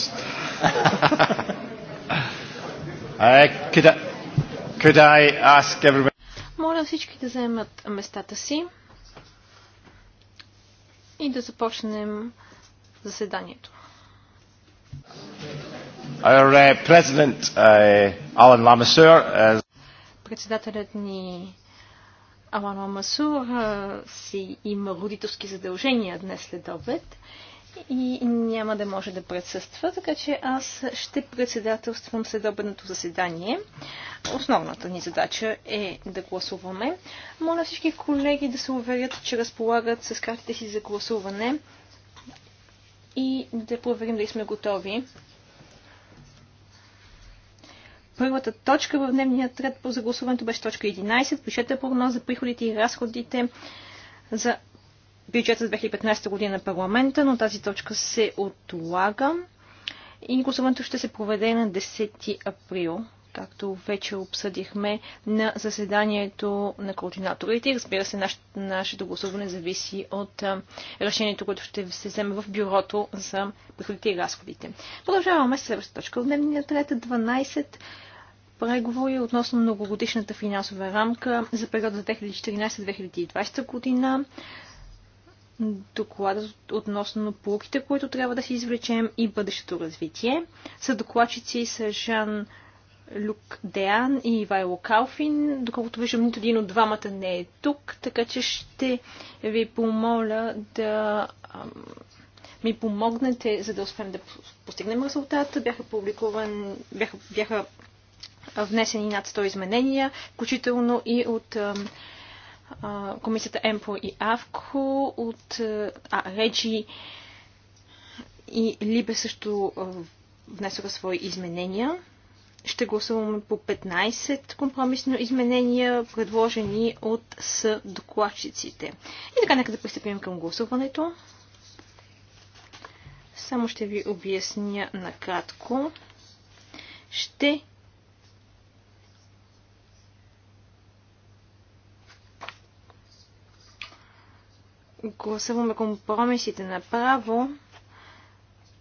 Uh, Моля всички да заемат местата си и да започнем заседанието. Uh, uh, Председателят ни Алан Ламасур си има родителски задължения днес след обед и няма да може да присъства, така че аз ще председателствам следобедното заседание. Основната ни задача е да гласуваме. Моля всички колеги да се уверят, че разполагат с картите си за гласуване и да проверим дали сме готови. Първата точка в дневния ред по загласуването беше точка 11. Пишете прогноз за приходите и разходите за бюджета за 2015 година на парламента, но тази точка се отлага и гласуването ще се проведе на 10 април, както вече обсъдихме на заседанието на координаторите. разбира се, нашето гласуване зависи от а, решението, което ще се вземе в бюрото за приходите и разходите. Продължаваме с следващата точка от дневния ред 12 преговори относно многогодишната финансова рамка за периода 2014-2020 година доклада относно полуките, които трябва да си извлечем и бъдещето развитие. Са докладчици са Жан Люк Деан и Ивайло Калфин. Доколкото виждам, нито един от двамата не е тук, така че ще ви помоля да ми помогнете, за да успеем да постигнем резултата. Бяха публикуван, бяха, бяха внесени над 100 изменения, включително и от комисията ЕМПО и АВКО, от а, Реджи и Либе също внесоха свои изменения. Ще гласуваме по 15 компромисни изменения, предложени от с докладчиците. И така, нека да пристъпим към гласуването. Само ще ви обясня накратко. Ще гласуваме компромисите направо,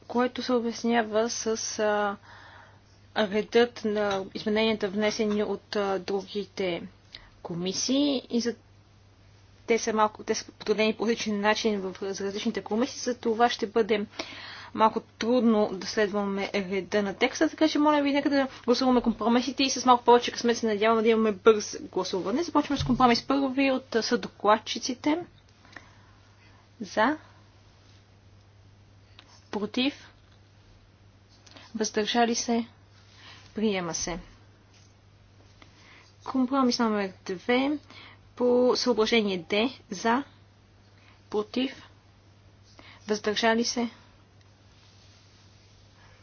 което се обяснява с а, редът на измененията внесени от а, другите комисии и за те са малко, те са подредени по различен начин в различните комисии, за това ще бъде малко трудно да следваме реда на текста, така че моля ви нека да гласуваме компромисите и с малко повече късмет се надяваме да имаме бърз гласуване. Започваме с компромис първи от съдокладчиците. За. Против. Въздържали се. Приема се. Компромис номер 2 по съображение Д. За. Против. Въздържали се.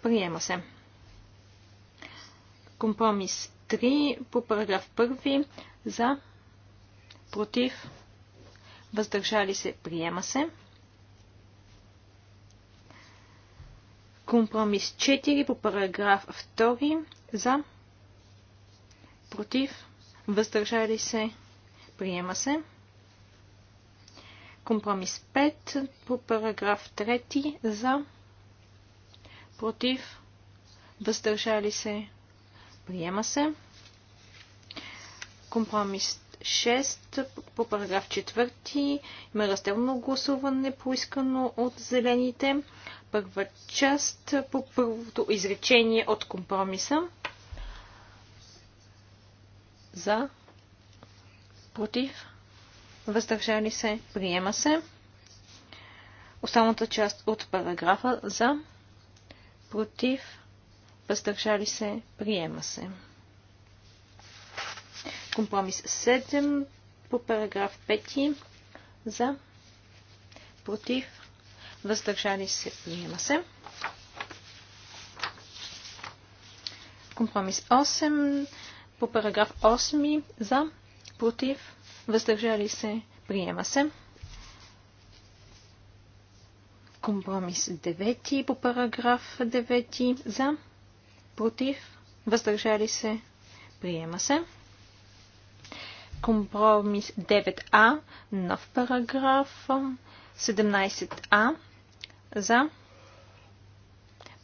Приема се. Компромис 3 по параграф 1. За. Против въздържали се, приема се. Компромис 4 по параграф 2 за, против, въздържали се, приема се. Компромис 5 по параграф 3 за, против, въздържали се, приема се. Компромис 6 по параграф 4 има разделно гласуване, поискано от зелените. Първа част по първото изречение от компромиса. За. Против. Въздържали се. Приема се. Останата част от параграфа за. Против. Въздържали се. Приема се. Компромис 7 по параграф 5 за против въздържали се приема се. Компромис 8 по параграф 8 за против въздържали се приема се. Компромис 9 по параграф 9 за против въздържали се приема се. Компромис 9А, нов параграф 17А за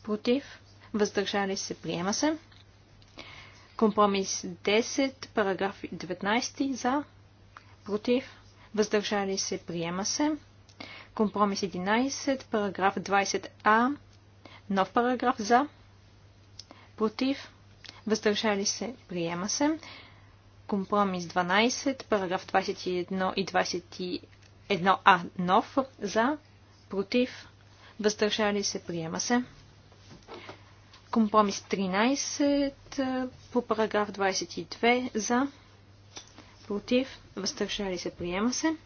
против, въздържали се, приема се. Компромис 10, параграф 19 за против, въздържали се, приема се. Компромис 11, параграф 20а, нов параграф за, против, въздържали се, приема се. Компромис 12, параграф 21 и 21а нов за, против, въздържали се, приема се. Компромис 13 по параграф 22 за, против, въздържали се, приема се.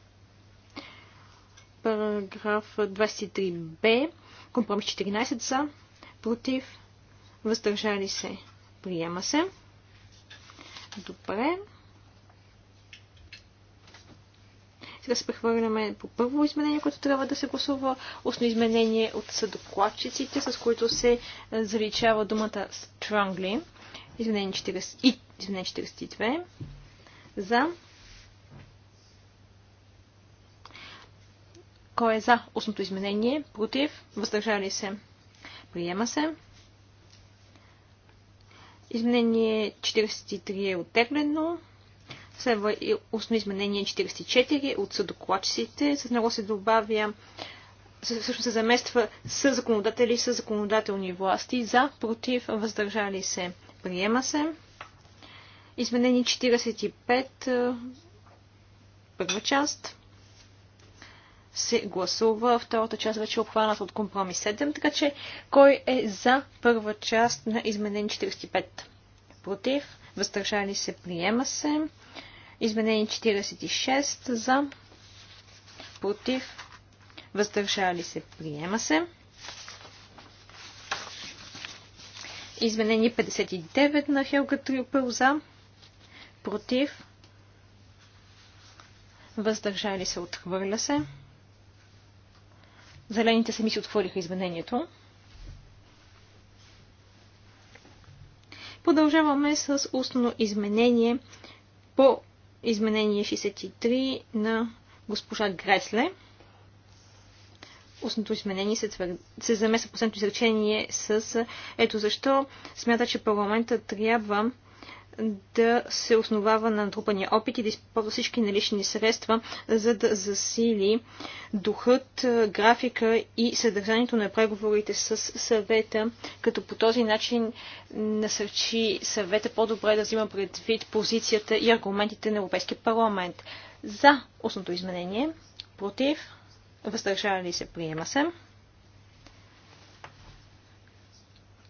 Параграф 23б, компромис 14 за, против, въздържали се, приема се. Добре. Сега се прехвърляме по първо изменение, което трябва да се гласува. Осно изменение от съдокладчиците, с които се заличава думата strongly. Изменение 40... и... Изменение 42. За. Кой е за устното изменение? Против? Въздържали се? Приема се. Изменение 43 е оттеглено. Следва и устно изменение 44 от съдокладчиците. С него се добавя всъщност се замества с законодатели, с законодателни власти, за, против, въздържали се. Приема се. Изменение 45, е, първа част се гласува. Втората част вече е обхваната от компромис 7, така че кой е за първа част на изменение 45? Против, въздържали се, приема се. Изменение 46 за, против, въздържали се, приема се. Изменение 59 на Хелга Трюпел за, против, въздържали се, отхвърля се. Зелените сами си отхвърлиха изменението. Продължаваме с устно изменение по изменение 63 на госпожа Гресле. Устното изменение се, твър... се замеса последното изречение с ето защо смята, че парламента трябва да се основава на натрупания опит и да използва всички налични средства, за да засили духът, е, графика и съдържанието на преговорите с съвета, като по този начин насърчи съвета по-добре да взима предвид позицията и аргументите на Европейския парламент. За основното изменение, против, въздържали се, приема се.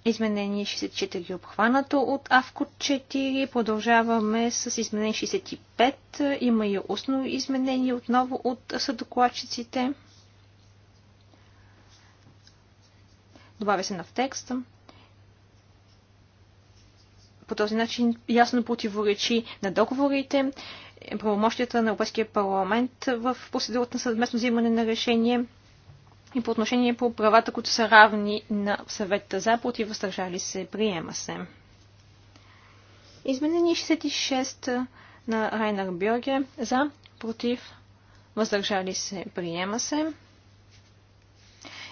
Изменение 64 е обхванато от АВКО 4. Продължаваме с изменение 65. Има и устно изменение отново от съдокладчиците. Добавя се в текст. По този начин ясно противоречи на договорите, правомощията на Европейския парламент в процедурата на съвместно взимане на решение – и по отношение по правата, които са равни на съвета за, против въздържали се, приема се. Изменение 66 на Райнар Бьорге за, против въздържали се, приема се.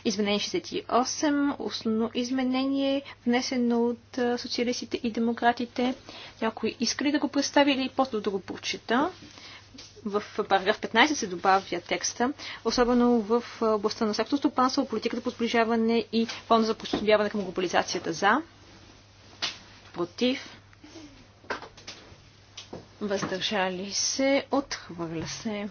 Изменение 68, основно изменение, внесено от социалистите и демократите. Някой иска ли да го представи или просто да го прочита? в параграф 15 се добавя текста, особено в областта на сектор стопанство, политиката по сближаване и фонда за постояняване към глобализацията за, против, въздържали се, отхвърля се.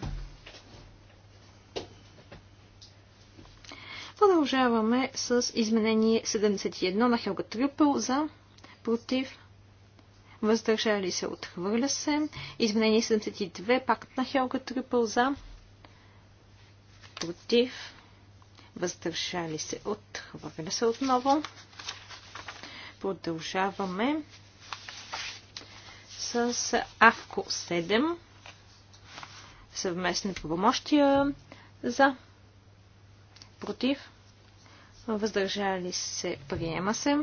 Продължаваме с изменение 71 на Хелга Трюпел за, против, въздържали се, отхвърля се. Изменение 72, пакт на Хелга Трипъл за, против, въздържали се, отхвърля се отново. Продължаваме с АВКО 7, съвместни помощи за, против, въздържали се, приема се.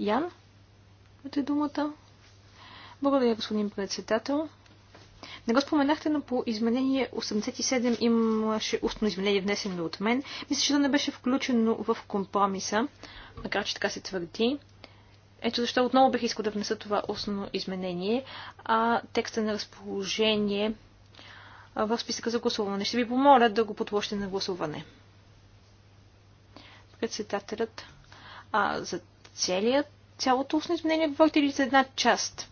Ян, имате думата. Благодаря, господин председател. Не го споменахте, но по изменение 87 имаше устно изменение внесено от мен. Мисля, че то не беше включено в компромиса, макар че така се твърди. Ето защо отново бих искал да внеса това устно изменение, а текста на разположение в списъка за гласуване. Ще ви помоля да го подложите на гласуване. Председателят. А, за целият, цялото устно изменение в или за една част?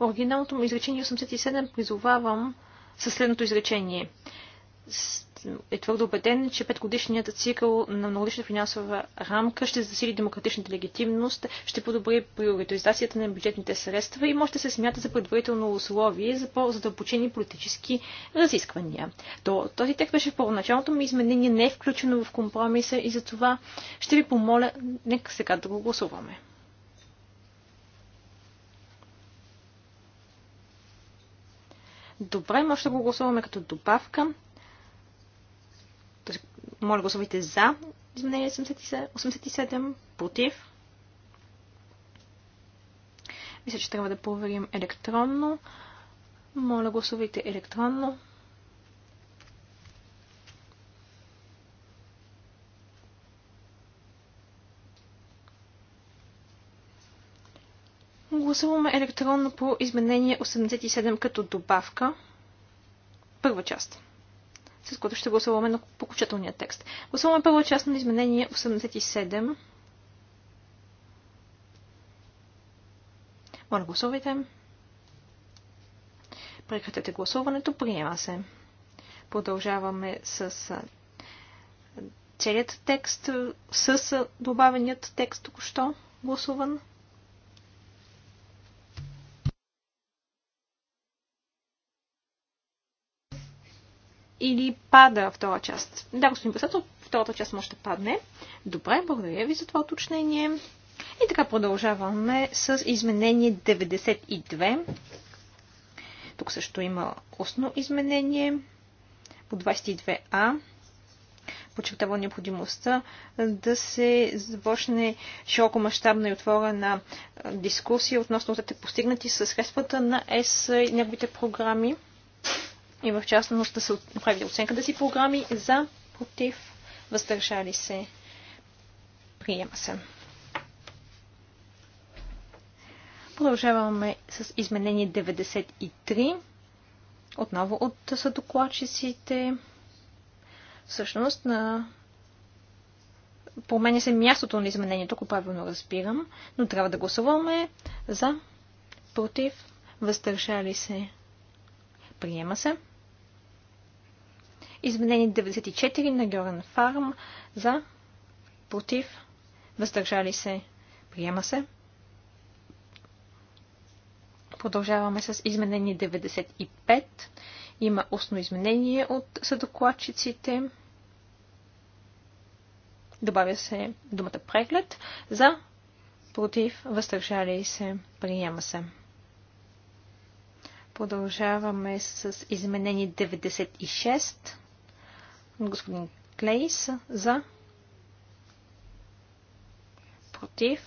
Оригиналното му изречение 87 призовавам със следното изречение е твърдо убеден, че петгодишният цикъл на многодишна финансова рамка ще засили демократичната легитимност, ще подобри приоритизацията на бюджетните средства и може да се смята за предварително условие за по-задълбочени политически разисквания. То, този текст беше в първоначалното ми изменение не е включено в компромиса и за това ще ви помоля, нека сега да го гласуваме. Добре, може да го гласуваме като добавка. Моля гласувайте за изменение 87, против. Мисля, че трябва да проверим електронно. Моля гласувайте електронно. Гласуваме електронно по изменение 87 като добавка. Първа част с което ще гласуваме на покучателния текст. Гласуваме първо част на изменение 87. Моля, гласувайте. Прекратете гласуването. Приема се. Продължаваме с целият текст, с добавеният текст току-що гласуван. или пада втора част? Да, господин председател, втората част може да падне. Добре, благодаря ви за това уточнение. И така продължаваме с изменение 92. Тук също има устно изменение по 22а. Подчертава необходимостта да се започне широко мащабна и отворена дискусия относно да те постигнати с средствата на ЕС и неговите програми и в частност да се направи оценка да си програми за, против, въздържали се. Приема се. Продължаваме с изменение 93. Отново от съдокладчиците. Всъщност на променя се мястото на изменението, ако правилно разбирам, но трябва да гласуваме за, против, въздържали се. Приема се. Изменени 94 на Георан Фарм за, против, въздържали се, приема се. Продължаваме с изменение 95. Има устно изменение от съдокладчиците. Добавя се думата преглед. За, против, въздържали се, приема се. Продължаваме с изменение 96 Господин Клейс за. Против.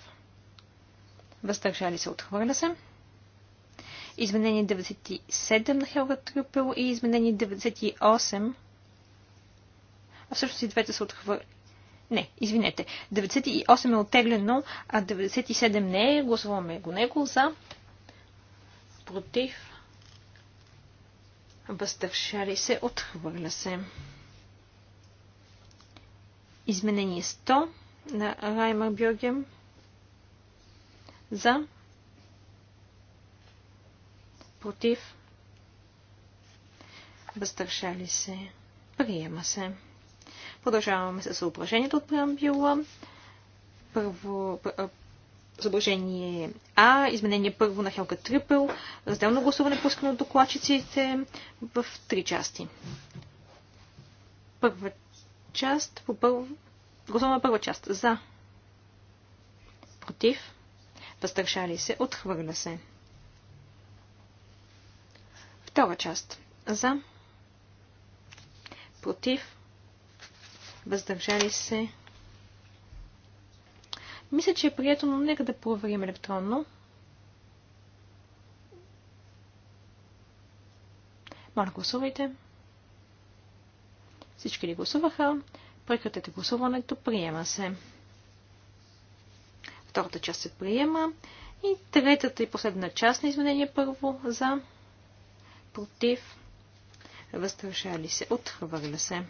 Въздържали се. Отхвърля се. Изменение 97 на Хелга Трюпел и изменение 98. А всъщност и двете са отхвърли. Не, извинете. 98 е оттеглено, а 97 не е. Гласуваме го него за. Против. Въздържали се. Отхвърля се. Изменение 100 на Раймар Бюргем за против въздържали се. Приема се. Продължаваме с съображението от преамбюла. Първо, съображение А, изменение първо на Хелга Трипел, разделно гласуване пускано от докладчиците в три части. Първата част по първо... Гласуваме първа част. За. Против. Въздържали се. Отхвърля се. Втора част. За. Против. Въздържали се. Мисля, че е прието, но нека да проверим електронно. Моля, гласувайте. Всички ли гласуваха? Прекратете гласуването. Приема се. Втората част се приема. И третата и последна част на изменение първо за против въздържали се. Отхвърля се.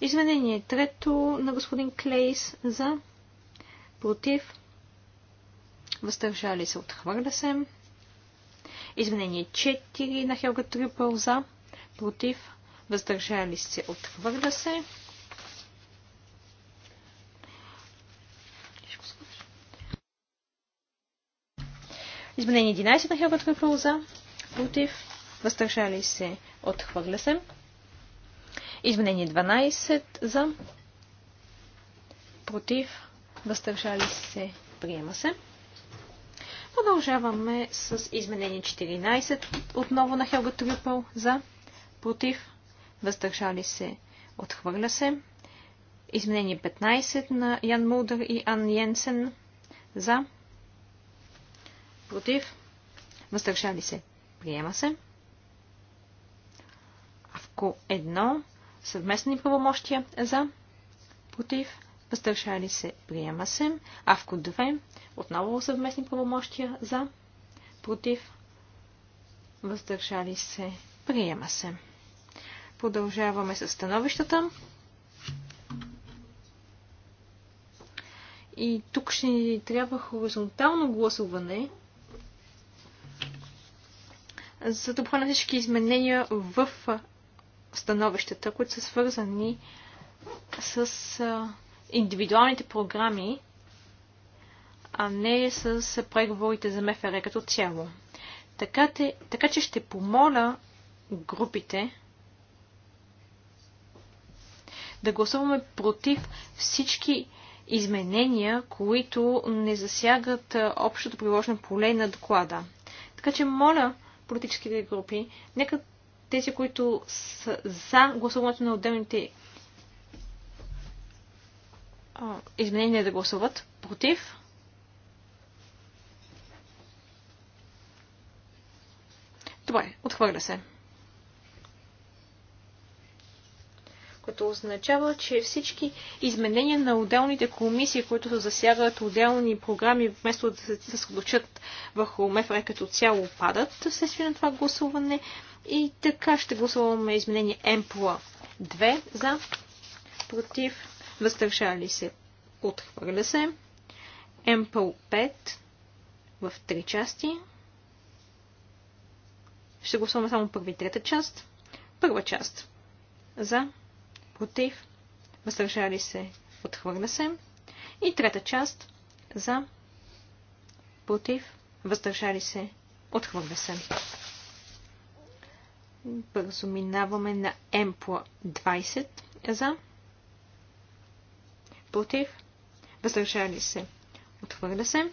Изменение трето на господин Клейс за против въздържали се. Отхвърля се. Изменение 4 на Хелга Трюпъл за против въздържали се, отхвърля се. Изменение 11 на Хелбът Кръкло за, против, въздържали се, отхвърля се. Изменение 12 за, против, въздържали се, приема се. Продължаваме с изменение 14 отново на Хелга Трюпъл за, против, въздържали се, отхвърля се. Изменение 15 на Ян Мулдър и Ан Йенсен за, против, въздържали се, приема се. Авко 1, съвместни правомощия за, против, въздържали се, приема се. Авко 2, отново съвместни правомощия за, против, въздържали се, приема се. Продължаваме с становищата. И тук ще ни трябва хоризонтално гласуване, за да обхвана всички изменения в становищата, които са свързани с индивидуалните програми, а не с преговорите за МФР като цяло. Така, те, така че ще помоля групите да гласуваме против всички изменения, които не засягат общото приложено поле на доклада. Така че моля политическите групи, нека тези, които са за гласуването на отделните изменения да гласуват против. Добре, отхвърля се. което означава, че всички изменения на отделните комисии, които засягат отделни програми, вместо да се съсредоточат върху МФР като цяло, падат вследствие на това гласуване. И така ще гласуваме изменение МПЛА 2 за, против, въздържали се, отхвърля се. МПЛ 5 в три части. Ще гласуваме само първи и трета част. Първа част. За против, въздържали се, отхвърля се. И трета част за, против, въздържали се, отхвърля се. Бързо минаваме на Емпла 20 за, против, въздържали се, отхвърля се.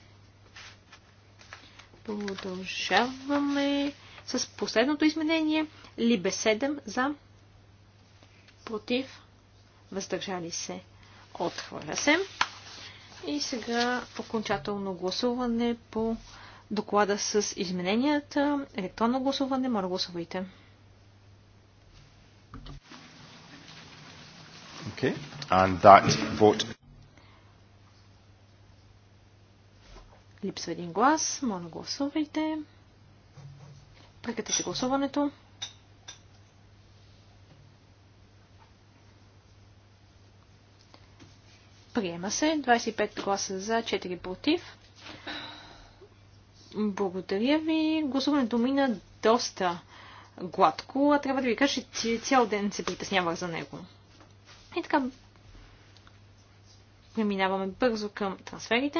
Продължаваме с последното изменение. Либе 7 за, против, въздържали се, отхвърля се. И сега окончателно гласуване по доклада с измененията. Електронно гласуване, мора гласувайте. Okay. And that vote... Липсва един глас. Моля гласувайте. Прекратете гласуването. Приема се. 25 гласа за, 4 против. Благодаря ви. Гласуването мина доста гладко, а трябва да ви кажа, че цял ден се притеснявах за него. И така, преминаваме бързо към трансферите.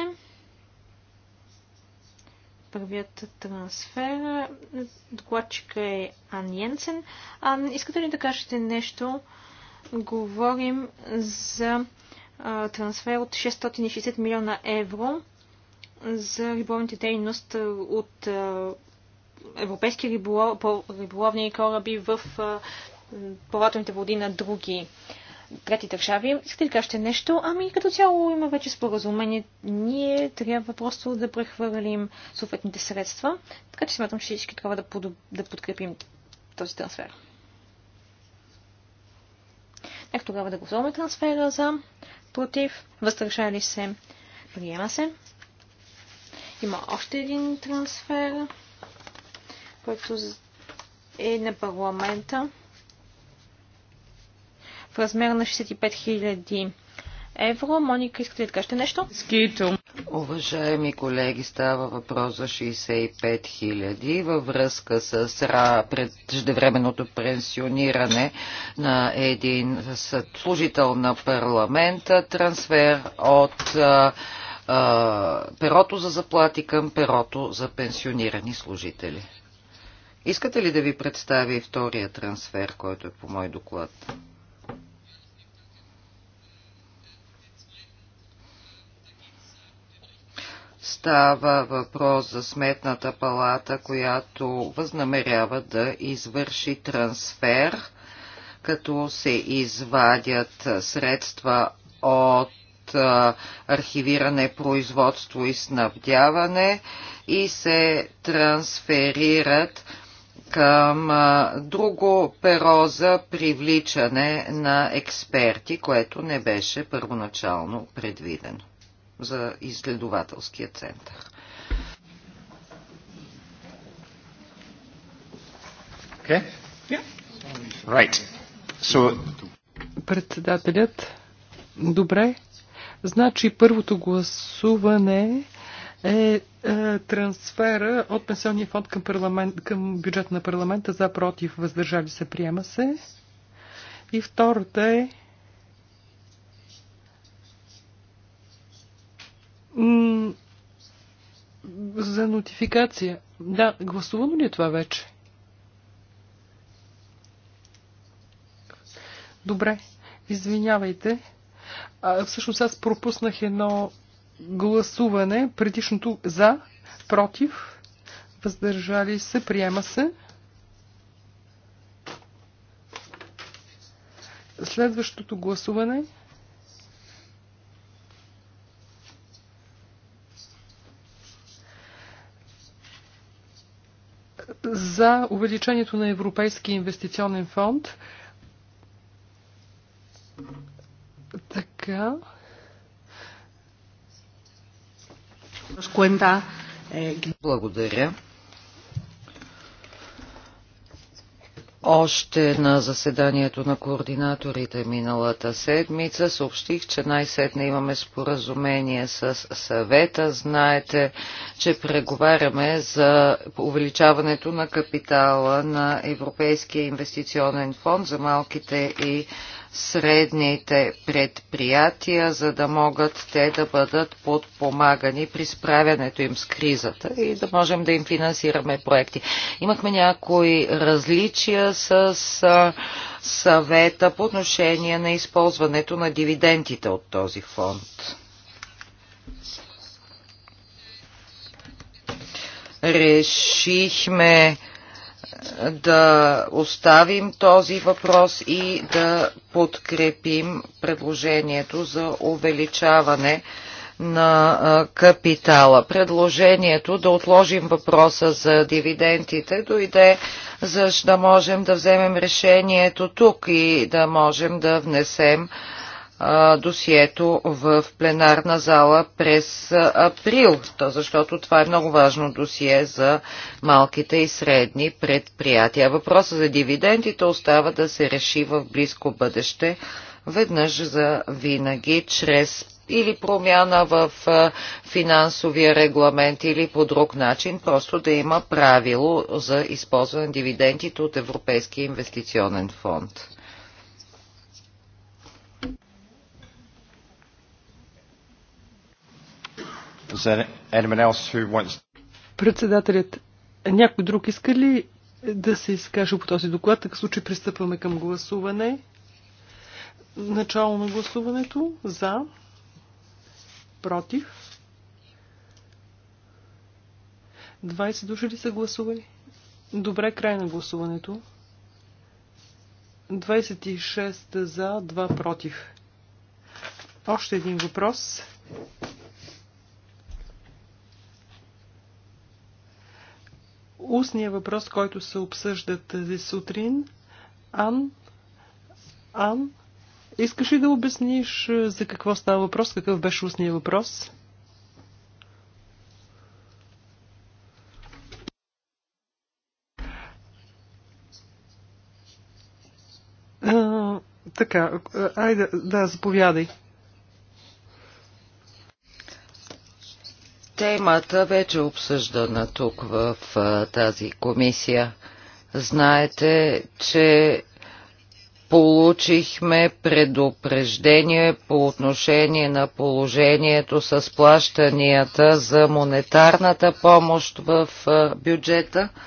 Първият трансфер, докладчика е Ан Йенсен. А, искате ли да кажете нещо? Говорим за трансфер от 660 милиона евро за риболовните дейност от европейски риболовни кораби в плавателните води на други трети държави. Искате ли кажете нещо? Ами като цяло има вече споразумение. Ние трябва просто да прехвърлим съответните средства. Така че смятам, че всички трябва да, под... да подкрепим този трансфер. Нека тогава да гласуваме трансфера за против, въздържали се, приема се. Има още един трансфер, който е на парламента в размер на 65 000 евро. Моника, искате ли да кажете нещо? Скито. Уважаеми колеги, става въпрос за 65 хиляди във връзка с преждевременното пенсиониране на един служител на парламента, трансфер от а, а, перото за заплати към перото за пенсионирани служители. Искате ли да ви представя и втория трансфер, който е по мой доклад? става въпрос за сметната палата, която възнамерява да извърши трансфер, като се извадят средства от архивиране, производство и снабдяване и се трансферират към друго перо за привличане на експерти, което не беше първоначално предвидено за изследователския център. Okay? Yeah. Right. So... Председателят. Добре. Значи първото гласуване е, е трансфера от пенсионния фонд към, парламент, към на парламента за против въздържали се приема се. И втората е за нотификация. Да, гласувано ли е това вече? Добре, извинявайте. А, всъщност аз пропуснах едно гласуване, предишното за, против, въздържали се, приема се. Следващото гласуване за увеличението на Европейски инвестиционен фонд. Така. Благодаря. Още на заседанието на координаторите миналата седмица съобщих, че най-сетне имаме споразумение с съвета. Знаете, че преговаряме за увеличаването на капитала на Европейския инвестиционен фонд за малките и средните предприятия, за да могат те да бъдат подпомагани при справянето им с кризата и да можем да им финансираме проекти. Имахме някои различия с съвета по отношение на използването на дивидендите от този фонд. Решихме да оставим този въпрос и да подкрепим предложението за увеличаване на капитала. Предложението да отложим въпроса за дивидендите дойде, за да можем да вземем решението тук и да можем да внесем досието в пленарна зала през април, защото това е много важно досие за малките и средни предприятия. Въпросът за дивидендите остава да се реши в близко бъдеще, веднъж за винаги, чрез или промяна в финансовия регламент или по друг начин, просто да има правило за използване на дивидендите от Европейския инвестиционен фонд. Wants... Председателят, някой друг иска ли да се изкаже по този доклад? Така случай пристъпваме към гласуване. Начало на гласуването. За. Против. 20 души ли са гласували? Добре, край на гласуването. 26 за, 2 против. Още един въпрос. устния въпрос, който се обсъжда тази сутрин. Ан, Ан, искаш ли да обясниш е, за какво става въпрос, какъв беше устния въпрос? А, е, така, е, айде, да, заповядай. Темата вече е обсъждана тук в тази комисия. Знаете, че получихме предупреждение по отношение на положението с плащанията за монетарната помощ в бюджета –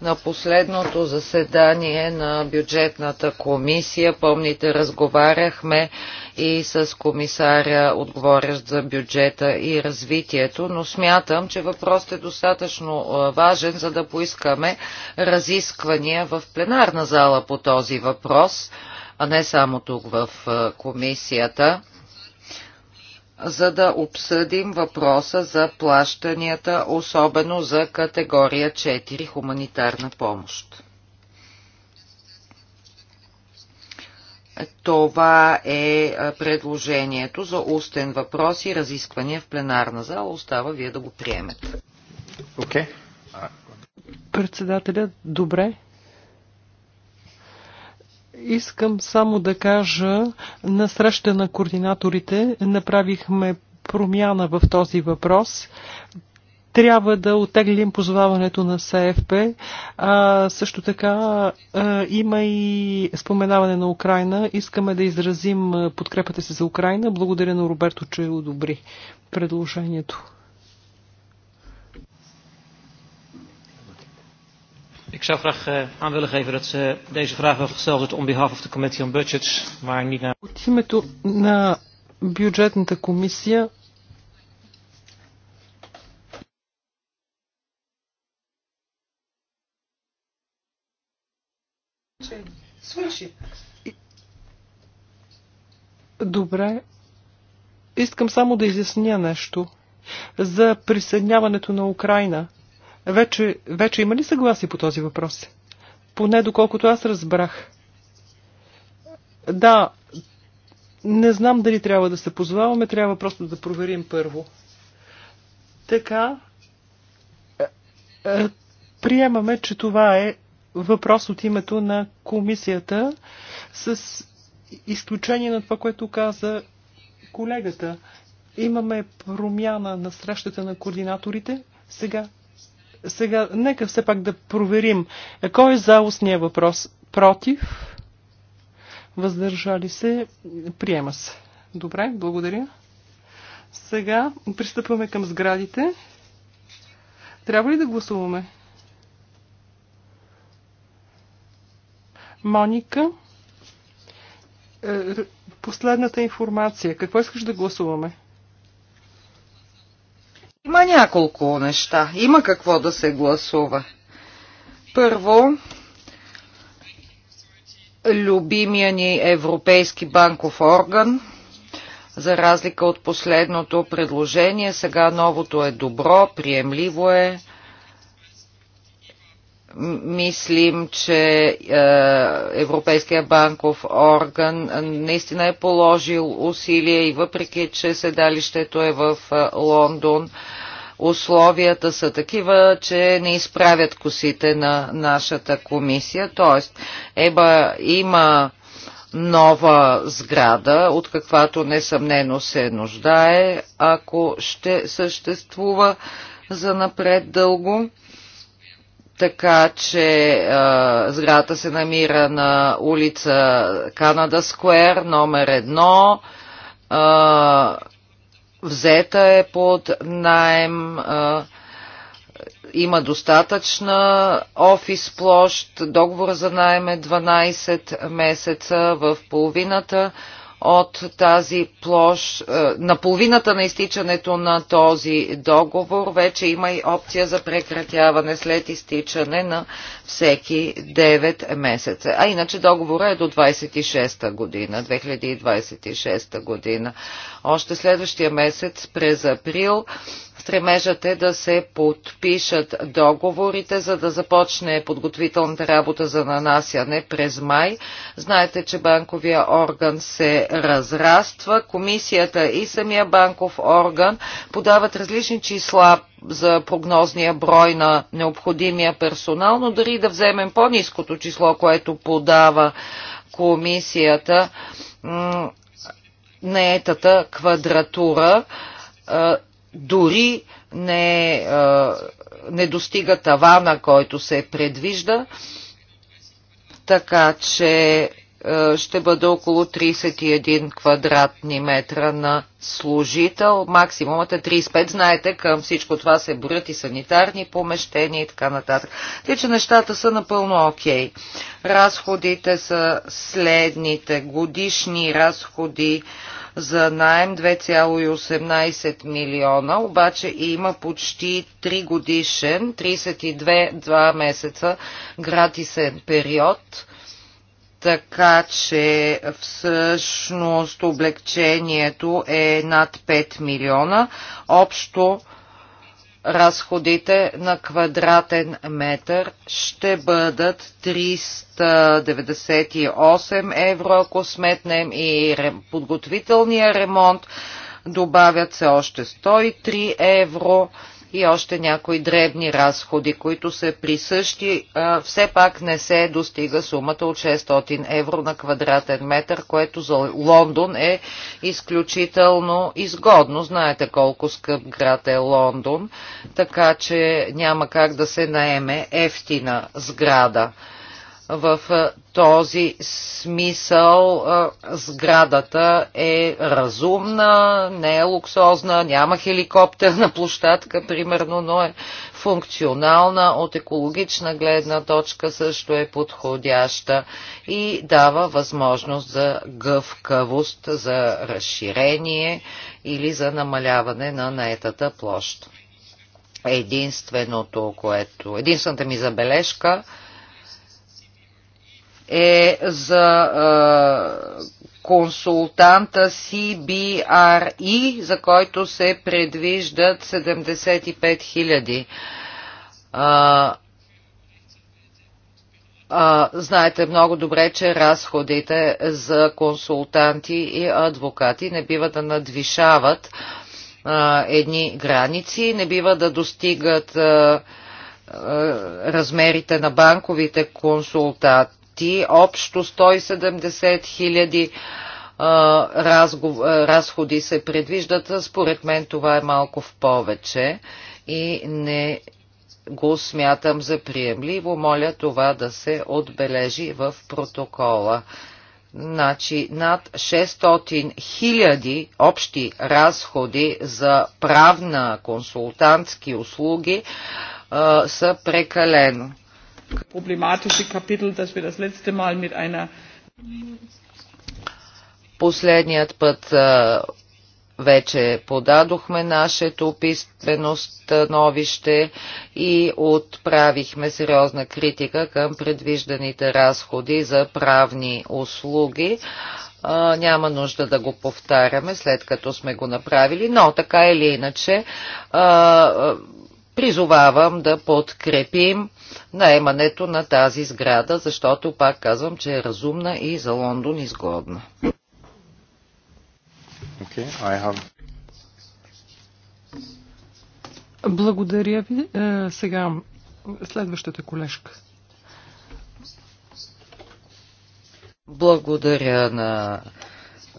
на последното заседание на бюджетната комисия, помните, разговаряхме и с комисаря, отговорящ за бюджета и развитието, но смятам, че въпросът е достатъчно важен, за да поискаме разисквания в пленарна зала по този въпрос, а не само тук в комисията за да обсъдим въпроса за плащанията, особено за категория 4 хуманитарна помощ. Това е, е предложението за устен въпрос и разисквания в пленарна зала. Остава вие да го приемете. Okay. Председателя, добре. Искам само да кажа, на среща на координаторите направихме промяна в този въпрос трябва да отеглим позоваването на СФП. А, също така а, има и споменаване на Украина. Искаме да изразим подкрепата си за Украина. Благодаря на Роберто, че одобри предложението. Ik zou graag aan willen geven dat ze deze vraag wel gesteld wordt on behalf of the Committee on Budgets, maar niet naar... Het is met бюджетната комисия commissie. Добре. Искам само да изясня нещо за присъединяването на Украина – вече, вече има ли съгласие по този въпрос? Поне доколкото аз разбрах. Да, не знам дали трябва да се позваваме, трябва просто да проверим първо. Така, е, е, приемаме, че това е въпрос от името на комисията, с изключение на това, което каза колегата. Имаме промяна на срещата на координаторите. Сега сега, нека все пак да проверим. Кой е за устния въпрос? Против? Въздържали се? Приема се. Добре, благодаря. Сега пристъпваме към сградите. Трябва ли да гласуваме? Моника, е, последната информация. Какво искаш да гласуваме? няколко неща. Има какво да се гласува. Първо, любимия ни Европейски банков орган. За разлика от последното предложение, сега новото е добро, приемливо е. Мислим, че е, Европейския банков орган наистина е положил усилия и въпреки, че седалището е в е, Лондон, условията са такива, че не изправят косите на нашата комисия. Тоест, ЕБА има нова сграда, от каквато несъмнено се нуждае, ако ще съществува за напред дълго. Така че сграда сградата се намира на улица Канада Сквер, номер едно взета е под найем, има достатъчна офис площ, договор за найем е 12 месеца, в половината от тази площ, е, на половината на изтичането на този договор вече има и опция за прекратяване след изтичане на всеки 9 месеца. А иначе договорът е до 26-та година, 2026 година. Още следващия месец, през април, Стремежът е да се подпишат договорите, за да започне подготвителната работа за нанасяне през май. Знаете, че банковия орган се разраства. Комисията и самия банков орган подават различни числа за прогнозния брой на необходимия персонал, но дори да вземем по-низкото число, което подава комисията, неетата квадратура дори не, не достига тавана, който се предвижда, така че ще бъде около 31 квадратни метра на служител. Максимумът е 35. Знаете, към всичко това се броят и санитарни помещения и така нататък. Те, че нещата са напълно окей. Okay. Разходите са следните. Годишни разходи за найем 2,18 милиона, обаче има почти 3 годишен, 32-2 месеца гратисен период, така че всъщност облегчението е над 5 милиона. Общо разходите на квадратен метър ще бъдат 398 евро, ако сметнем и подготвителния ремонт, добавят се още 103 евро и още някои дребни разходи, които са присъщи, все пак не се достига сумата от 600 евро на квадратен метър, което за Лондон е изключително изгодно. Знаете колко скъп град е Лондон, така че няма как да се наеме ефтина сграда. В е, този смисъл е, сградата е разумна, не е луксозна, няма хеликоптерна площадка, примерно, но е функционална, от екологична гледна точка също е подходяща и дава възможност за гъвкавост, за разширение или за намаляване на наетата площ. Единственото, което, единствената ми забележка – е за консултанта CBRE, за който се предвиждат 75 хиляди. Знаете много добре, че разходите за консултанти и адвокати не бива да надвишават а, едни граници, не бива да достигат а, размерите на банковите консултати. Ти общо 170 хиляди разходи се предвиждат. Според мен това е малко в повече и не го смятам за приемливо. Моля това да се отбележи в протокола. Значи над 600 хиляди общи разходи за правна консултантски услуги а, са прекалено. Kapitel, wir das letzte Mal mit einer Последният път вече подадохме нашето писмено становище и отправихме сериозна критика към предвижданите разходи за правни услуги. А, няма нужда да го повтаряме, след като сме го направили, но така или иначе а, призовавам да подкрепим наемането на тази сграда, защото пак казвам, че е разумна и за Лондон изгодна. Okay, I have... Благодаря ви. Е, сега следващата колежка. Благодаря на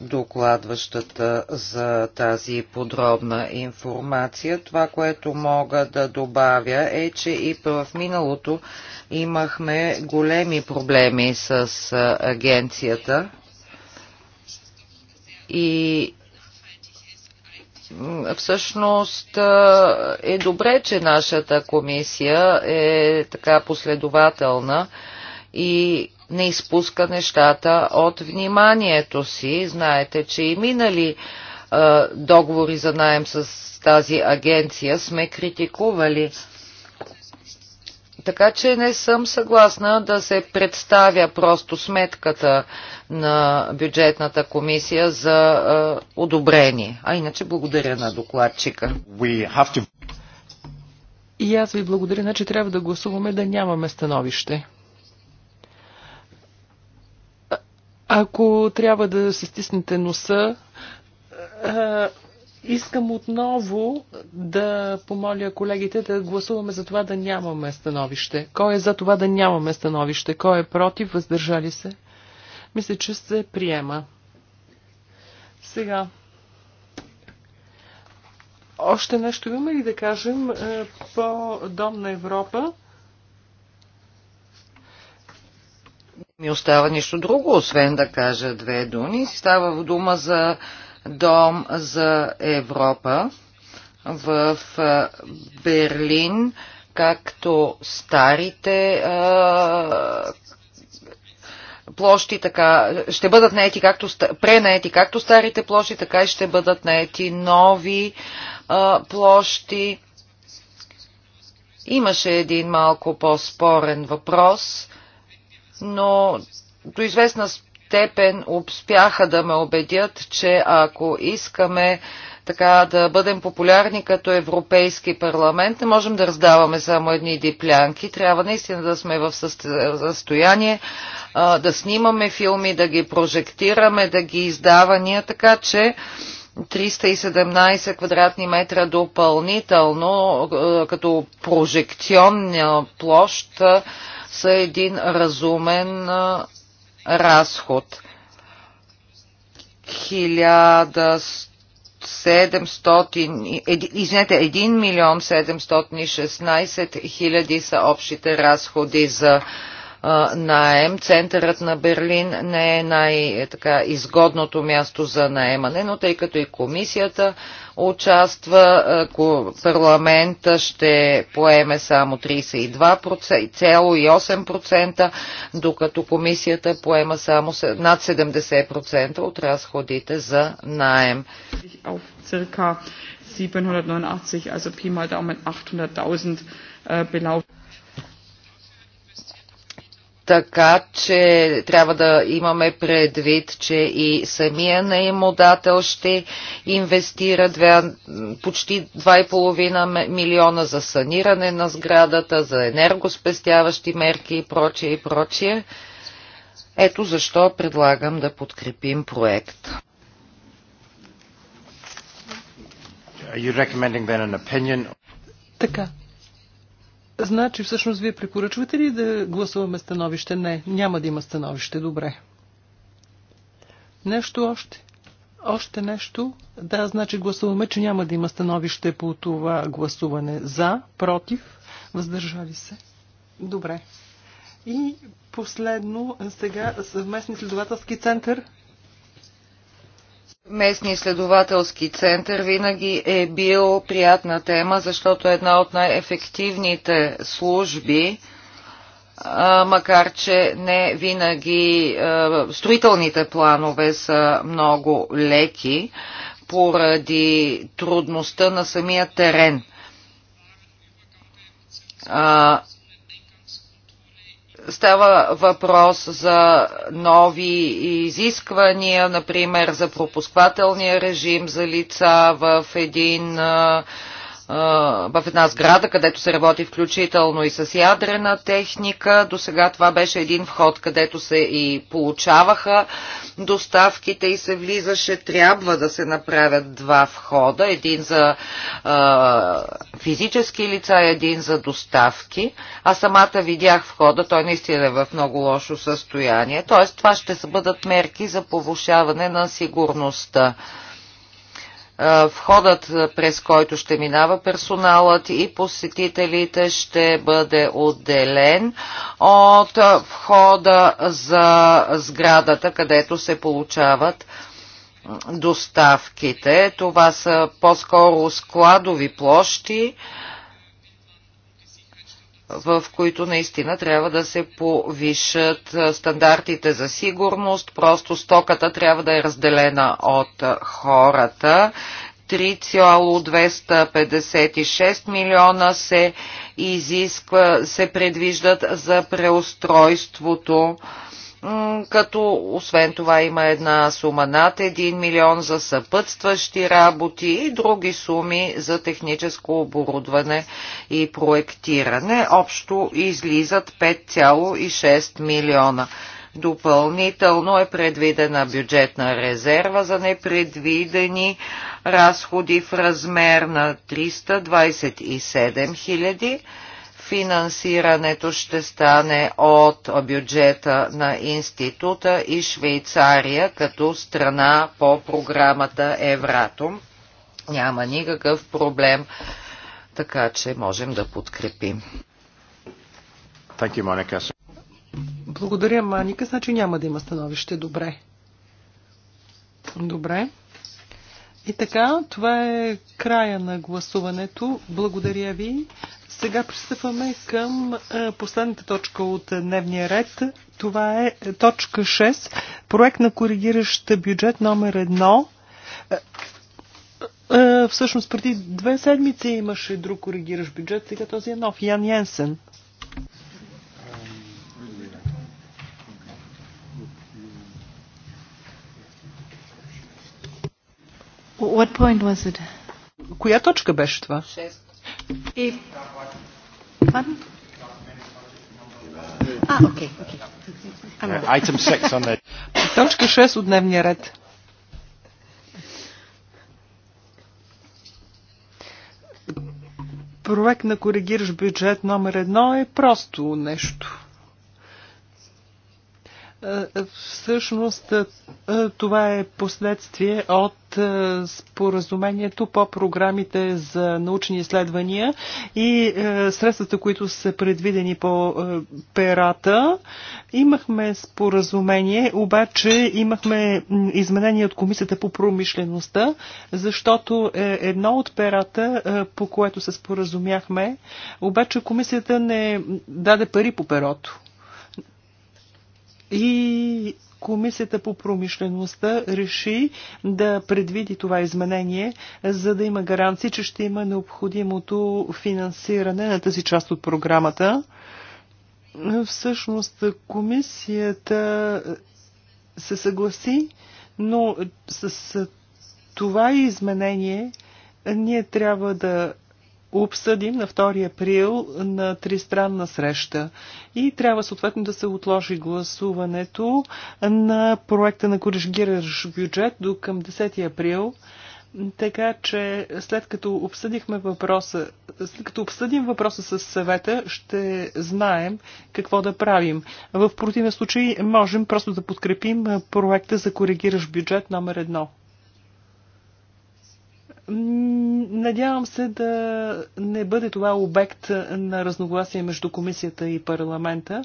докладващата за тази подробна информация. Това, което мога да добавя е, че и в миналото имахме големи проблеми с агенцията и всъщност е добре, че нашата комисия е така последователна и не изпуска нещата от вниманието си. Знаете, че и минали е, договори за найем с тази агенция сме критикували. Така че не съм съгласна да се представя просто сметката на бюджетната комисия за е, одобрение. А иначе благодаря на докладчика. И аз ви благодаря, че трябва да гласуваме да нямаме становище. Ако трябва да се стиснете носа, Искам отново да помоля колегите да гласуваме за това да нямаме становище. Кой е за това да нямаме становище? Кой е против? Въздържали се? Мисля, че се приема. Сега. Още нещо има ли да кажем по Дом на Европа? ми остава нищо друго, освен да кажа две думи. Става в дума за дом за Европа в Берлин, както старите площи, така, ще бъдат наети както, пренаети както старите площи, така и ще бъдат наети нови а, площи. Имаше един малко по-спорен въпрос но до известна степен успяха да ме убедят, че ако искаме така да бъдем популярни като Европейски парламент, не можем да раздаваме само едни диплянки. Трябва наистина да сме в състояние да снимаме филми, да ги прожектираме, да ги издавания, така че 317 квадратни метра допълнително като прожекционна площ са един разумен разход. 1100 700, извинете, 1 милион 716 хиляди са общите разходи за наем. Центърът на Берлин не е най-изгодното място за наемане, но тъй като и комисията участва, парламента ще поеме само 32,8%, докато комисията поема само над 70% от разходите за наем. 789, also Pi mal 800.000 така че трябва да имаме предвид, че и самия наемодател ще инвестира две, почти 2,5 милиона за саниране на сградата, за енергоспестяващи мерки и прочие и прочие. Ето защо предлагам да подкрепим проект. Така, Значи всъщност вие препоръчвате ли да гласуваме становище? Не, няма да има становище. Добре. Нещо още? Още нещо? Да, значи гласуваме, че няма да има становище по това гласуване. За, против, въздържали се. Добре. И последно, сега съвместни следователски център Местни изследователски център винаги е бил приятна тема, защото е една от най-ефективните служби, макар че не винаги строителните планове са много леки поради трудността на самия терен Става въпрос за нови изисквания, например за пропусквателния режим за лица в един а, в една сграда, където се работи включително и с ядрена техника. До сега това беше един вход, където се и получаваха доставките и се влизаше. Трябва да се направят два входа, един за а, физически лица и един за доставки. А самата видях входа, той наистина е в много лошо състояние. Тоест това ще бъдат мерки за повушаване на сигурността входът през който ще минава персоналът и посетителите ще бъде отделен от входа за сградата, където се получават доставките. Това са по-скоро складови площи, в които наистина трябва да се повишат стандартите за сигурност. Просто стоката трябва да е разделена от хората. 3,256 милиона се изисква, се предвиждат за преустройството като освен това има една сума над 1 милион за съпътстващи работи и други суми за техническо оборудване и проектиране. Общо излизат 5,6 милиона. Допълнително е предвидена бюджетна резерва за непредвидени разходи в размер на 327 хиляди 000 Финансирането ще стане от бюджета на института и Швейцария като страна по програмата Евратом. Няма никакъв проблем, така че можем да подкрепим. Благодаря, Маника. Значи няма да има становище. Добре. Добре. И така, това е края на гласуването. Благодаря ви. Сега пристъпваме към е, последната точка от дневния ред. Това е точка 6. Проект на коригиращ бюджет номер 1. Е, е, всъщност преди две седмици имаше друг коригиращ бюджет, сега този е нов. Ян Янсен. What point was it? Коя точка беше това? А, окей, окей. Точка 6 от дневния ред. Проект на коригираш бюджет номер едно е просто нещо. Е, е, всъщност е, това е последствие от споразумението по програмите за научни изследвания и средствата, които са предвидени по перата. Имахме споразумение, обаче имахме изменение от Комисията по промишлеността, защото едно от перата, по което се споразумяхме, обаче Комисията не даде пари по перото и Комисията по промишлеността реши да предвиди това изменение, за да има гаранции, че ще има необходимото финансиране на тази част от програмата. Всъщност комисията се съгласи, но с това изменение ние трябва да обсъдим на 2 април на тристранна среща и трябва съответно да се отложи гласуването на проекта на коригиращ бюджет до към 10 април. Така че след като обсъдихме въпроса, след като обсъдим въпроса с съвета, ще знаем какво да правим. В противен случай можем просто да подкрепим проекта за коригиращ бюджет номер едно. Надявам се да не бъде това обект на разногласие между комисията и парламента.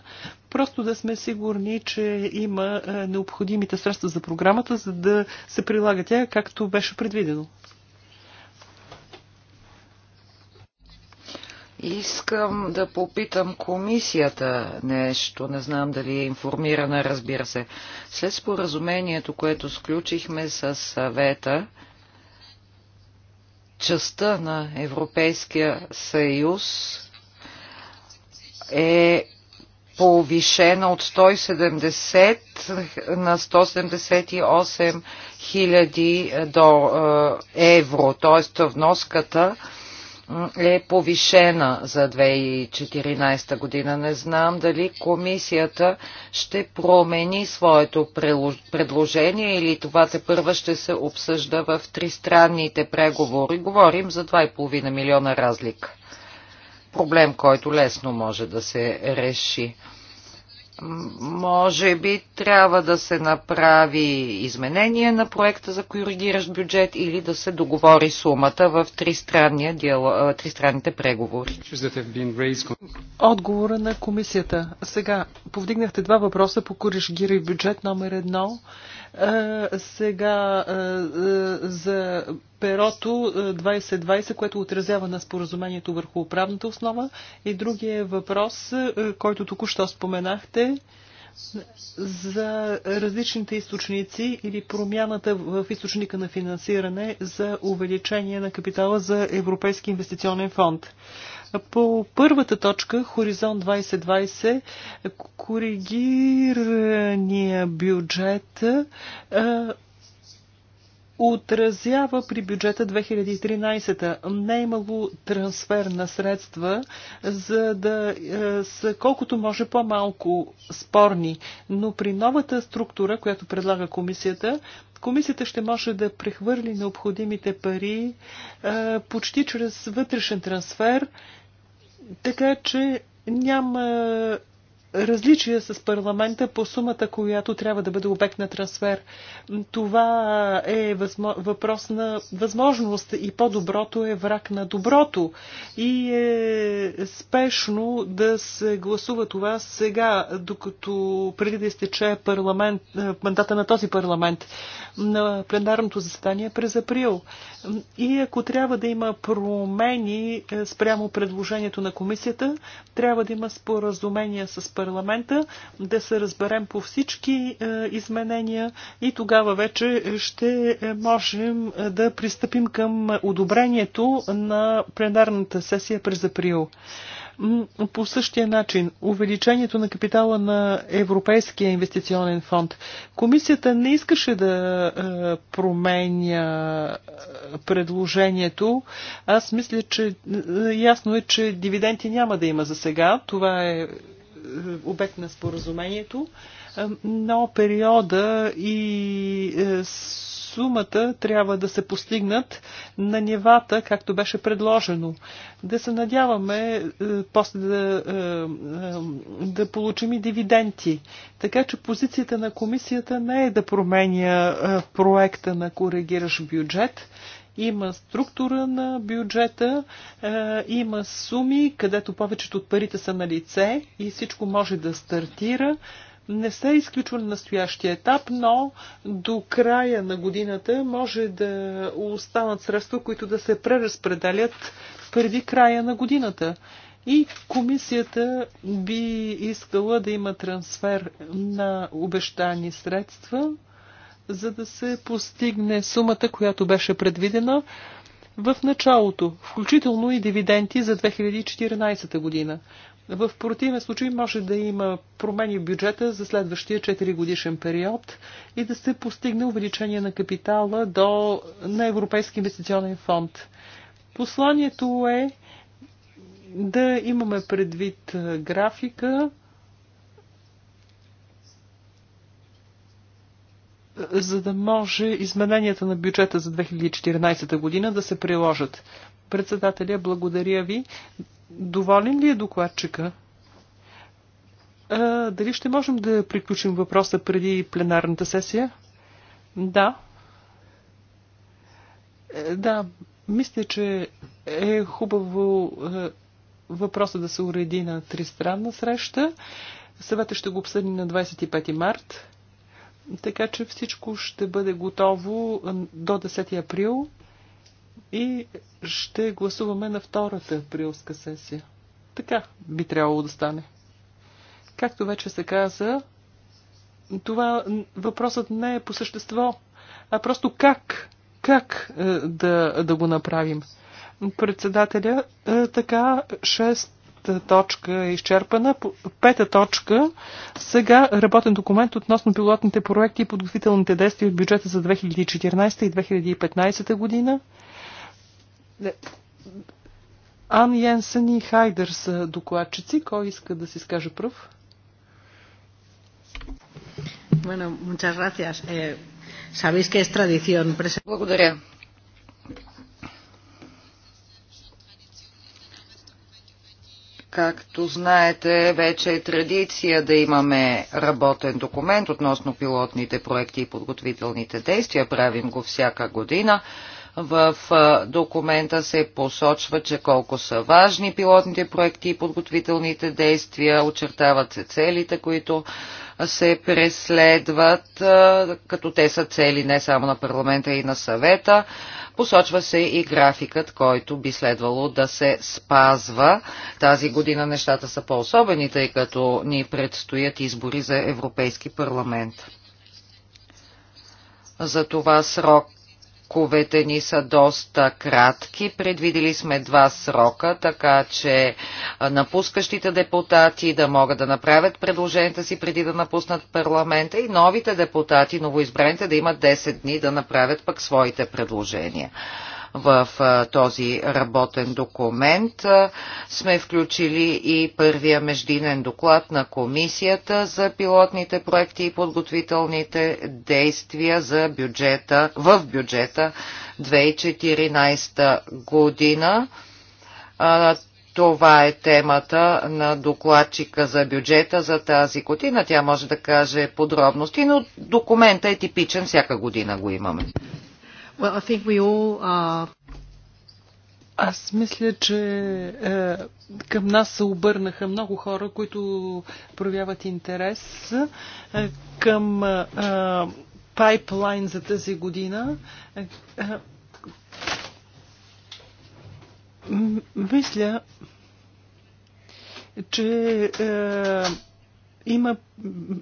Просто да сме сигурни, че има е, необходимите средства за програмата, за да се прилага тя както беше предвидено. Искам да попитам комисията нещо, не знам дали е информирана, разбира се. След споразумението, което сключихме с съвета, частта на Европейския съюз е повишена от 170 на 178 хиляди е, евро, т.е. вноската е повишена за 2014 година. Не знам дали комисията ще промени своето предложение или това те първа ще се обсъжда в тристранните преговори. Говорим за 2,5 милиона разлика. Проблем, който лесно може да се реши може би трябва да се направи изменение на проекта за коригиращ бюджет или да се договори сумата в тристранните преговори. Отговора на комисията. Сега повдигнахте два въпроса по коригиращ бюджет номер едно сега за перото 2020, което отразява на споразумението върху управната основа. И другия въпрос, който току-що споменахте, за различните източници или промяната в източника на финансиране за увеличение на капитала за Европейски инвестиционен фонд. По първата точка, Хоризонт 2020, коригирания бюджет отразява при бюджета 2013. Не е имало трансфер на средства, за да са колкото може по-малко спорни. Но при новата структура, която предлага комисията, комисията ще може да прехвърли необходимите пари почти чрез вътрешен трансфер така че няма различия с парламента по сумата, която трябва да бъде обект на трансфер. Това е възмо... въпрос на възможност и по-доброто е враг на доброто. И е спешно да се гласува това сега, докато преди да изтече парламент, е, мандата на този парламент на пленарното заседание през април. И ако трябва да има промени е, спрямо предложението на комисията, трябва да има споразумение с парламента парламента, да се разберем по всички е, изменения и тогава вече ще можем е, да пристъпим към одобрението на пленарната сесия през април. По същия начин, увеличението на капитала на Европейския инвестиционен фонд. Комисията не искаше да е, променя предложението. Аз мисля, че ясно е, че дивиденти няма да има за сега. Това е е, обект на споразумението, е, но периода и е, сумата трябва да се постигнат на нивата, както беше предложено. Да се надяваме после да, да получим и дивиденти. Така че позицията на комисията не е да променя проекта на коригираш бюджет. Има структура на бюджета, е, има суми, където повечето от парите са на лице и всичко може да стартира не се изключва на настоящия етап, но до края на годината може да останат средства, които да се преразпределят преди края на годината. И комисията би искала да има трансфер на обещани средства за да се постигне сумата, която беше предвидена в началото, включително и дивиденти за 2014 година. В противен случай може да има промени в бюджета за следващия 4 годишен период и да се постигне увеличение на капитала до, на Европейски инвестиционен фонд. Посланието е да имаме предвид графика, за да може измененията на бюджета за 2014 година да се приложат. Председателя, благодаря ви. Доволен ли е докладчика? А, дали ще можем да приключим въпроса преди пленарната сесия? Да. Е, да, мисля, че е хубаво е, въпроса да се уреди на тристранна среща. Съвета ще го обсъди на 25 март. Така че всичко ще бъде готово до 10 април и ще гласуваме на втората априлска сесия. Така би трябвало да стане. Както вече се каза, това въпросът не е по същество, а просто как, как е, да, да го направим. Председателя е, така точка е изчерпана. Пета точка. Сега работен документ относно пилотните проекти и подготвителните действия от бюджета за 2014 и 2015 година. Ан Йенсен и Хайдер са докладчици. Кой иска да си скаже пръв? Bueno, muchas gracias. Eh, sabéis que es tradición. Благодаря. Както знаете, вече е традиция да имаме работен документ относно пилотните проекти и подготвителните действия. Правим го всяка година. В документа се посочва, че колко са важни пилотните проекти и подготвителните действия, очертават се целите, които се преследват, като те са цели не само на парламента и на съвета. Посочва се и графикът, който би следвало да се спазва. Тази година нещата са по-особени, тъй като ни предстоят избори за Европейски парламент. За това срок сроковете ни са доста кратки. Предвидели сме два срока, така че напускащите депутати да могат да направят предложенията си преди да напуснат парламента и новите депутати, новоизбраните, да имат 10 дни да направят пък своите предложения в този работен документ. Сме включили и първия междинен доклад на комисията за пилотните проекти и подготвителните действия за бюджета, в бюджета 2014 година. Това е темата на докладчика за бюджета за тази година. Тя може да каже подробности, но документа е типичен, всяка година го имаме. Well, I think we all are... Аз мисля, че е, към нас се обърнаха много хора, които проявяват интерес е, към е, пайплайн за тази година. Е, е, мисля, че е, има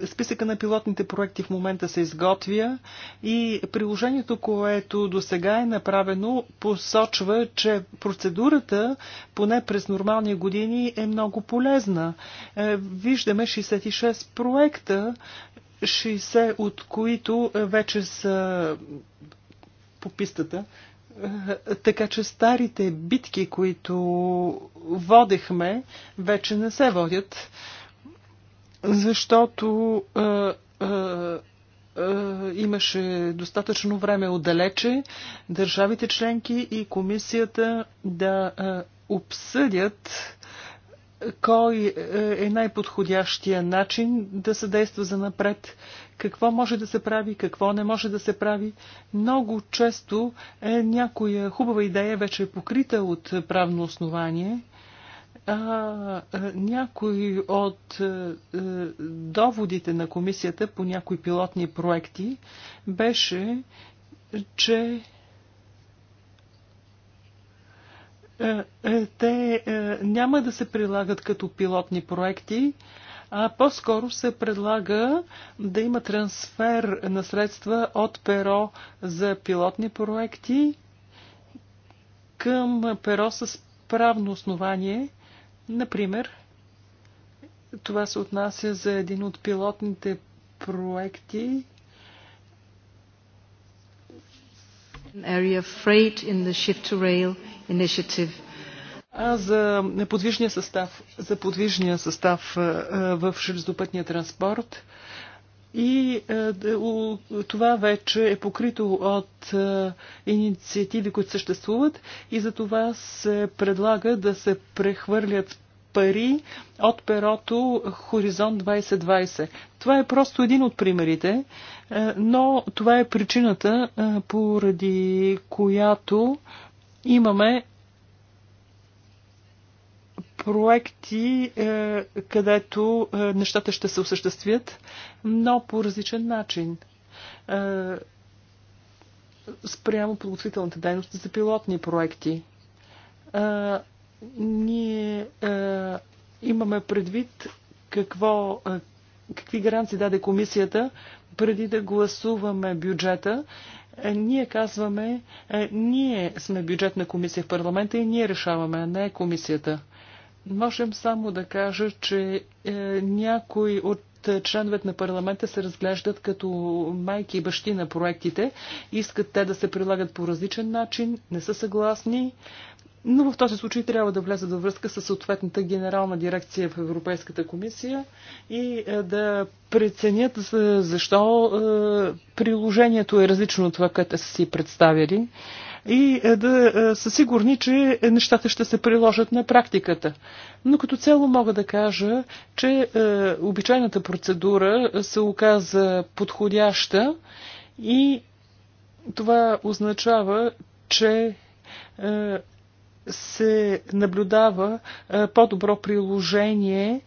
списъка на пилотните проекти в момента се изготвя и приложението, което до сега е направено, посочва, че процедурата, поне през нормални години, е много полезна. Е, виждаме 66 проекта, 60 от които е, вече са по пистата. Е, така че старите битки, които водехме, вече не се водят защото а, е, а, е, е, имаше достатъчно време отдалече държавите членки и комисията да обсъдят кой е най-подходящия начин да се действа за напред, какво може да се прави, какво не може да се прави. Много често е някоя хубава идея вече е покрита от правно основание – а, някои от а, доводите на комисията по някои пилотни проекти беше, че те няма да се прилагат като пилотни проекти, а по-скоро се предлага да има трансфер на средства от перо за пилотни проекти към перо с правно основание – Например, това се отнася за един от пилотните проекти. Area freight in the shift to rail initiative. А за подвижния състав, за подвижния състав в железопътния транспорт и е, това вече е покрито от е, инициативи, които съществуват и за това се предлага да се прехвърлят пари от перото Хоризонт 2020. Това е просто един от примерите, е, но това е причината, поради която имаме проекти, е, където е, нещата ще се осъществят, но по различен начин. Е, спрямо подготвителната дейност за пилотни проекти. Ние имаме предвид какво, какви гаранции даде комисията преди да гласуваме бюджета ние казваме, ние сме бюджетна комисия в парламента и ние решаваме, а не комисията. Можем само да кажа, че е, някои от членовете на парламента се разглеждат като майки и бащи на проектите, искат те да се прилагат по различен начин, не са съгласни, но в този случай трябва да влезат във връзка с съответната генерална дирекция в Европейската комисия и е, да преценят защо е, приложението е различно от това, което са си представили и е, да е, са сигурни, че нещата ще се приложат на практиката. Но като цяло мога да кажа, че е, обичайната процедура се оказа подходяща и това означава, че се наблюдава по-добро приложение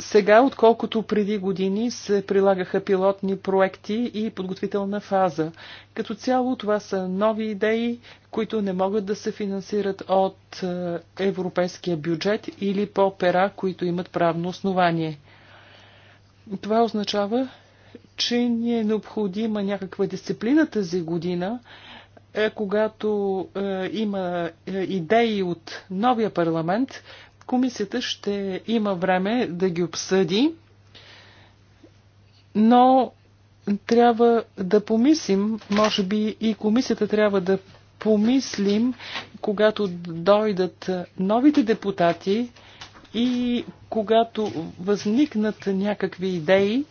сега, отколкото преди години, се прилагаха пилотни проекти и подготвителна фаза. Като цяло това са нови идеи, които не могат да се финансират от е, европейския бюджет или по пера, които имат правно основание. Това означава, че ни е необходима някаква дисциплина тази година, е, когато е, има идеи от новия парламент, Комисията ще има време да ги обсъди, но трябва да помислим, може би и комисията трябва да помислим, когато дойдат новите депутати и когато възникнат някакви идеи,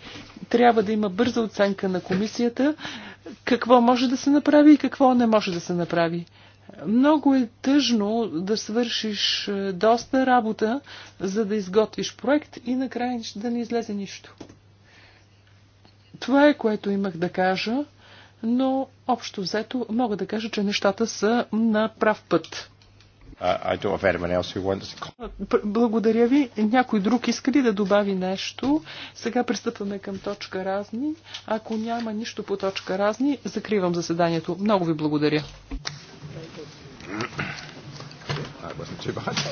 трябва да има бърза оценка на комисията какво може да се направи и какво не може да се направи. Много е тъжно да свършиш е, доста работа, за да изготвиш проект и накрая да не излезе нищо. Това е което имах да кажа, но общо взето мога да кажа, че нещата са на прав път. Благодаря ви. Някой друг иска ли да добави нещо? Сега пристъпваме към точка разни. Ако няма нищо по точка разни, закривам заседанието. Много ви благодаря. That wasn't too bad.